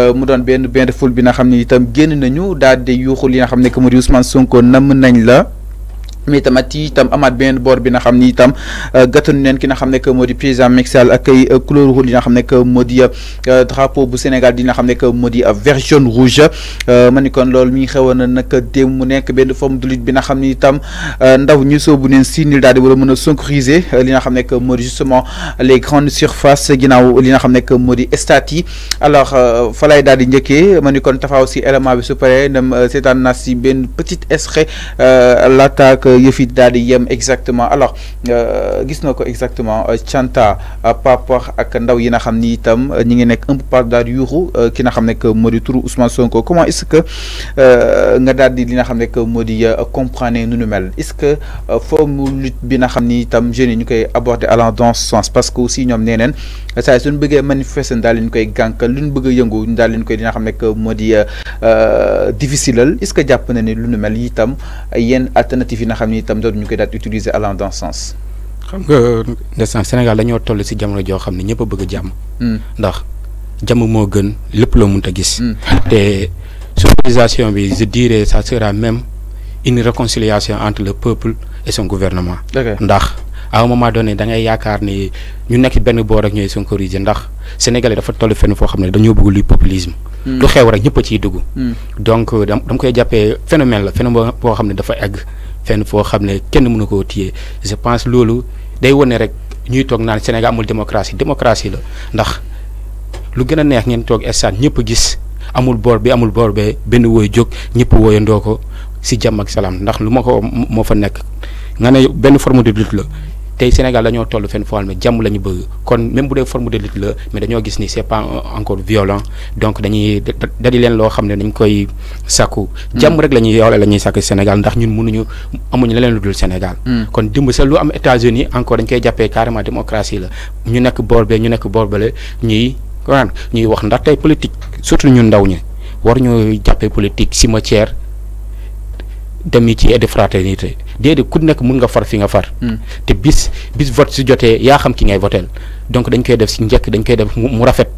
Euh, mu doon benn benn ful bi na xam ni itam génn nañu daal di yuuxu li na xam ne que mu di Ousmane Sonko namm nañu la. mais tamati tam amad benn bor bi nga xamni ni tam euh, neen ki nga xamne que moo di président ak ay euh, couleur rouge n'a nga que euh, drapeau bu Sénégal di nga que moo version rouge manikon lol mi ngi nak na mu nek forme de lutte bi nga xamni tam, ndaw ñu soobu neen si di wala mëna synchroniser li que justement les grandes surfaces ginaaw li nga xamne que moo di alors fa lay daal di njëkkee manikon ni aussi tafaaw si élément bi su paree dem seetaan petite si benn euh, yëf dal di yem exactement alors euh, gis nako exactement euh, chanta papa ak ndaw yi nga xamni ni itam ñi ngi nek un peu part daal di ki nga xam ne que Ousmane Sonko comment est-ce que nga dal di li nga xam ne que moo comprendre nu nu mel est-ce que forme lutte bi nga xam ni itam jeunes ñu koy aborder à dans ce sens parce que aussi ñom nenen ça suñu bëgge manifester daal ñu koy gank lu bëgge yëngu a yëngu daal leen koy li nga xam que difficile est-ce que japp na ni lu nu mel itam yenn alternative xam dans allant dans sens. Sénégal nous avons a bëgg hmm. ndax gën hmm. je dirais ça sera même une réconciliation entre le peuple et son gouvernement. ndax à un moment donné da ngay yakar, ni ñu nekk benn boor ak son ndax sénégalais dafa le fait populisme. Hmm. a donc il koy un phénomène la phénomène fenn foo xam ne kenn mënu koo téye je pense loolu day wane rek ñuy toog naan Sénégal amul démocratie démocratie la ndax lu gën a neex ngeen toog instant ñëpp gis amul boor bi amul boor bee benn wooy jóg ñëpp wooyandoo ko si jàmm ak salaam ndax lu ma ko moo fa nekk nga ne benn forme de lutte la. tey Sénégal dañoo tollu fenn foo xam ne jàmm bëgg kon même bu dee forme de lutte la mais dañoo gis ni c'est pas encore violent donc dañuy dadi leen loo xam ne dañ koy sakku jàmm rek lañuy ñuy yoole la ñuy Sénégal ndax ñun mënuñu amuñu leneen lu dul Sénégal hmm. kon dimb sa lu am États-Unis encore dañ koy jàppee carrément démocratie la ñu nekk boor bee ñu nekk boor bale ñuy waan ñuy wax ndax tey politique surtout ñun ndaw ñi war ñu jàppee politique cimetière d'amitié et de fraternité déedéet ku nekk mun nga far fi nga far. Hmm. te bis bis vote si jotee yaa xam ki ngay voteel donc dañ koy def si njëkk dañ koy def mu rafet.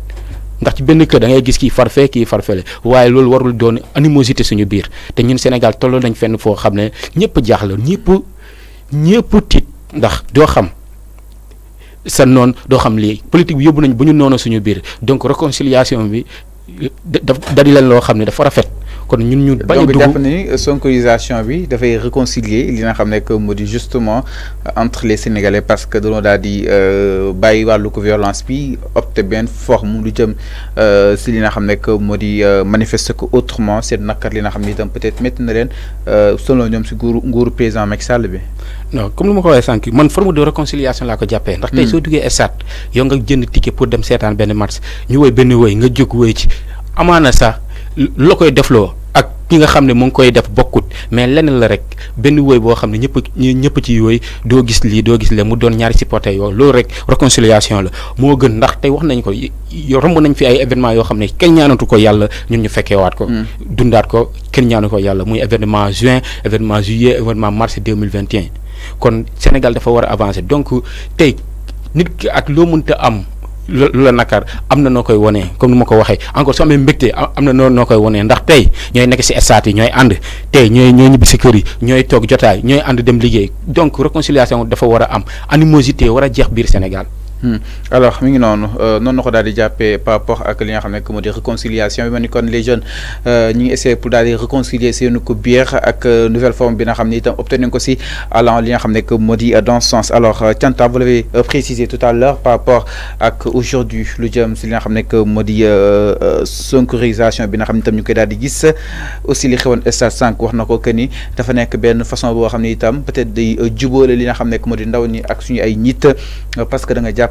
ndax ci benn kër da ngay gis kii farfee kii farfele waaye loolu warul doon animosité suñu biir te ñun Sénégal tolloo nañ fenn foo xam ne ñëpp jaaxle ñëpp ñëpp tiit ndax doo xam sa noon doo xam lii politique bi yóbbu nañ bu ñu noonu suñu biir donc réconciliation bi da dari leen loo xam ne dafa rafet. kon ñun ñu bañ a dugg donc jàpp nañu sonkorisation bi réconcilier li nga xam que Modi justement euh, entre les sénégalais parce que dañoo da di euh, bàyyi walu ko violence bi opté ben forme lu jëm ci euh, li nga xam que Modi manifeste ko que autrement c'est nakar li nga xamni tam peut-être métti na leen selon ñoom si nguuru nguuru président Macky Sall bi. non comme luma ko waxee sanki man forme de réconciliation la ko jappé ndax tay hmm. so duggé stade yo nga jënd ticket pour dem sétane ben match ñu woy ben woy nga jóg woy ci amana sax. loo koy defloo ak ki nga xam ne mu ngi koy def bokkut mais leneen la rek benn woy boo xam ne ñëpp ñëpp ci yooyu doo gis lii doo gis le mu doon ñaari supporter yoo loolu rek réconciliation la moo gën ndax tey wax nañ ko romb nañ fi ay événement yoo xam ne kenn ñaanatu ko yàlla ñun ñu fekkee waat ko mm. dundaat ko kenn ñaanu ko yàlla muy événement juin événement juillet événement mars 2021 kon Sénégal dafa war a avancer donc tey nit ki ak loo mënta am lu la nakaar am na noo koy wonee comme nu ma ko waxee encore su amee mbégte am na noo koy wonee ndax tey ñooy nekk si estaat yi ñooy ànd tey ñooy ñooy ñibbi si kër yi ñooy toog jotaay ñooy ànd dem liggéey donc réconciliation dafa war a am animosité war a jeex biir Sénégal Hmm. alors mi ngi noonu euh, noonu ko daal di jàppee par rapport ak li nga xamné comme que réconciliation bi ma kon les jeunes euh, ñi ngi essayer pour daal di réconcilier seenu ko biir ak euh, nouvelle forme bi nga xam ne itam obtenir ko ci allant li nga xamné que dans ce sens alors tianta vous l'avez précisé tout à l'heure par rapport ak aujourd'hui lu jëm li nga xamné que moo di bi nga xam tam ñu koy daal di gis aussi li xewoon stade sànq wax na que ni dafa nek ben façon bo xam ne itam peut-être di jubóole li nga xamné comme que moo ndaw ni ak suñu ay nit parce que da nga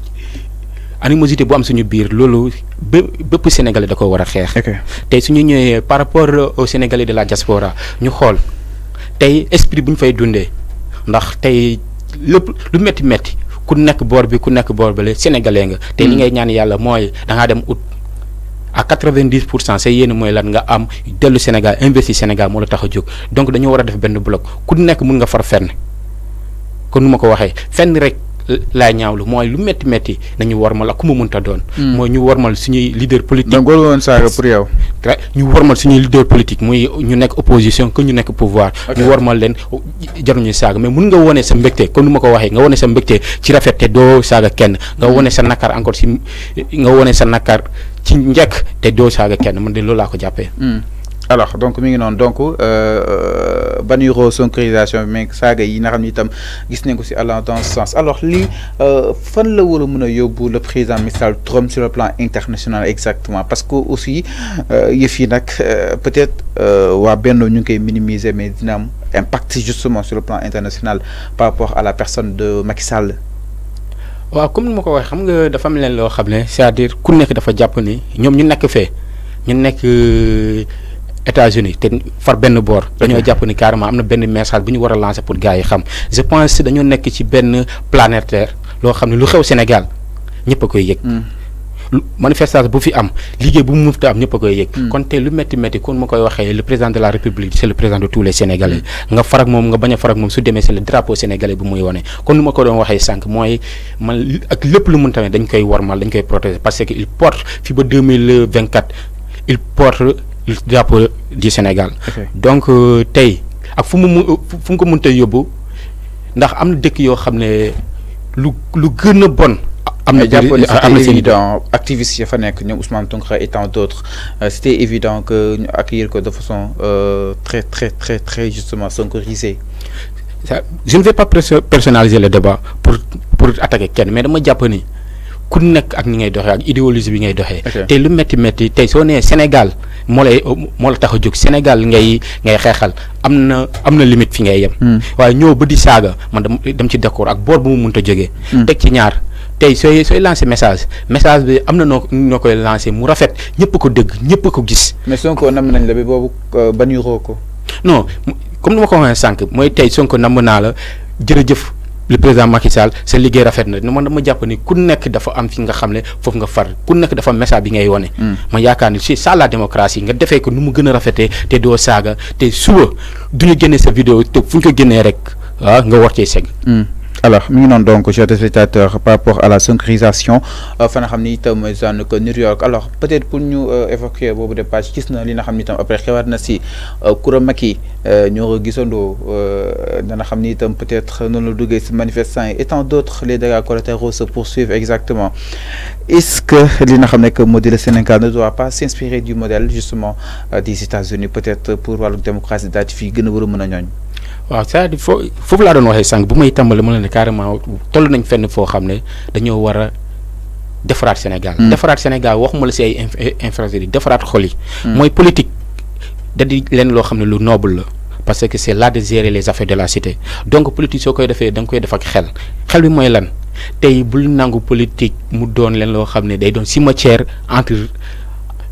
animosité bu am suñu biir loolu bépp sénégalais da ko war a xeex tey suñu ñëwee par rapport au sénégalais de la diaspora ñu xool tey esprit bu ñu fay dundee ndax tey lépp lu metti metti ku nekk boor bi ku nekk boor bale sénégalais nga tey li mm. ngay ñaan yàlla mooy da ngaa dem ut à 90 pour cent say yéen mooy lan nga am dellu Sénégal investi Sénégal moo la tax a jóg donc dañoo war a def benn bloc ku nekk mun nga far fenn kon nu ma ko waxee fenn rek laay ñaawlu mooy lu metti metti nañu warmal ak ku mu mënta doon. Hmm. mooy ñu warmal suñuy leader politique. donc warul woon saaga pour yow. ñu warmal suñuy leader politique muy ñu nekk opposition que ñu nekk pouvoir. ñu warmal leen jaruñu saaga mais mun nga wone sa mbégte kon ni ma ko waxee nga wone sa mbégte ci rafet te doo saaga kenn. nga hmm. wone sa nakar encore si nga wone sa nakar ci njëkk te doo saaga kenn man de loolu laa ko jàppee. Hmm. alors donc mi ngi donc euh ban roo synchronisation mais saga yi nga xamni tam itam gis nañ ko si allant dans ce sens alors euh fan la war a yobbu le président Mistral Trump sur le plan international exactement parce que aussi euh, yef yi nak euh, peut-être euh, wa Benno ñu koy minimiser mais dina am impact justement sur le plan international par rapport à la personne de Macky Sall. wa comme ni ma ko xam nga dafa am len lo xamné c'est-à-dire ku nekk dafa japp ni ñom ñu nekk fee ñu nekk. États-Unis te far benn boor dañoo jàpp ni carrément am na benn message bu ñu war a lancer pour gars yi xam je pense que dañoo nekk ci benn planétaire loo xam ne lu xew Sénégal ñëpp a koy yëg. Hmm. manifestation bu fi am liggéey bu mu mufta am ñëpp a koy yëg. Hmm. kon te lu métti métti kon ma koy waxee le président de la république c' est le président de tous les sénégalais hmm. nga farak moom nga bañ a farak moom su demee c' est le drapeau sénégalais bu muy wane kon nu ma ko doon waxee sànq mooy man ak lu mun tamit dañ koy wormal dañ koy protéger parce que il porte fi ba deux mille le drapeau du Sénégal. donc euh, tay ak fu mu yobo ko munte yóbbu ndax am na yo yoo lu lu bon. évident activistes ya fa nekk ñoom Ousmane et tant d'autres euh, c'était évident que accueillir que de façon euh, très très très très justement sonkorisée. je ne vais pas personnaliser le débat pour pour attaquer quelqu'un mais dama japonais ku nekk ak ni ngay doxee ak idéologie bi ngay doxee. te lu metti métti tey soo nee Sénégal moo lay moo la tax a jóg Sénégal ngay ngay xeexal am na am na limite fi ngay yem. Hmm. waaye ñëw ba di saaga ma dam dem ci d'accord ak boor bu mu mënta jógee. Hmm. teg ci ñaar. tey sooy sooy lancé message message bi am na noo noo koy lancé mu rafet ñëpp ko dégg ñëpp ko gis. mais Sonko nam nañ la bi boobu euh, bañu ko. no comme ni ma ko waxee sànq mooy tey Sonko namm naa la jërëjëf. le président Macky Sall sa liggéey rafet na man dama jàpp ni ku nekk dafa am fi nga xam ne foofu nga far ku nekk dafa message bi ngay wone hmm. ma yaakaar ni c'est ça la nga defee ko nu mu gën a rafetee te doo saaga te suba du ñu génnee sa vidéo te fu ñu ko génnee rek waaw ah, nga war segg hmm. alors nous avons donc chers par rapport à la synchronisation euh, fa New York alors peut-être pour nous euh, évoquer de page vous li après euh, peut-être dans manifestants et tant d'autres les dégâts collatéraux se poursuivent exactement est-ce que li ne que modèle Sénégal ne doit pas s'inspirer du modèle justement des États-Unis peut-être pour la démocratie daal fi waaw cest à foofu laa doon waxee sànq bu may tàmbali mu ne carrément toll nañ fenn foo xam ne dañoo war a defaraat Sénégal. Hmm. defaraat Sénégal waxuma la si ay infrastructures defaraat xoli hmm. mooy politique da di leen loo xam ne lu noble la. parce que c'est l'art de gérer les affaires de la cité donc politique soo koy defee danga koy def ak xel xel bi mooy lan tey bul nangu politique mu doon leen loo xam ne day doon si cimetière entre.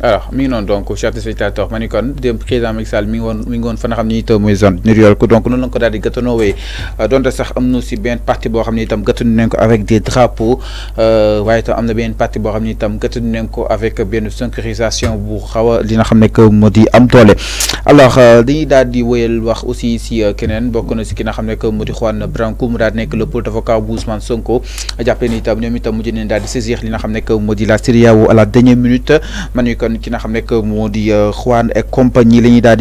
alors mi non donc chers téléspectateurs ma ni kon démb président Macky Sall mi ngi mi ngi fa nga xamni ni itam mooy zone rurale ko donc non la ko daal di gëtanoowee euh, donte sax am ci ben parti bo xamni ne itam gëtanu nañ avec des drapeaux euh itam am na benn parti bo xamni ne itam gëtanu nañ avec ben synchronisation bu xawa li nga xamné ne que moo am tolé alors euh, dañuy daldi wëyel wax aussi ci euh, kenen bokku na ci ki nga xam ne que moo di Juan Branco mu daal nek le porte-avocat Ousmane Sonko jappé ni itam ñom itam mu jëne daldi saisir li nga xamné ne que moo di la à la dernière minute ma kon ki nga xam ne moo di euh, Juan et compagnie la ñuy daal di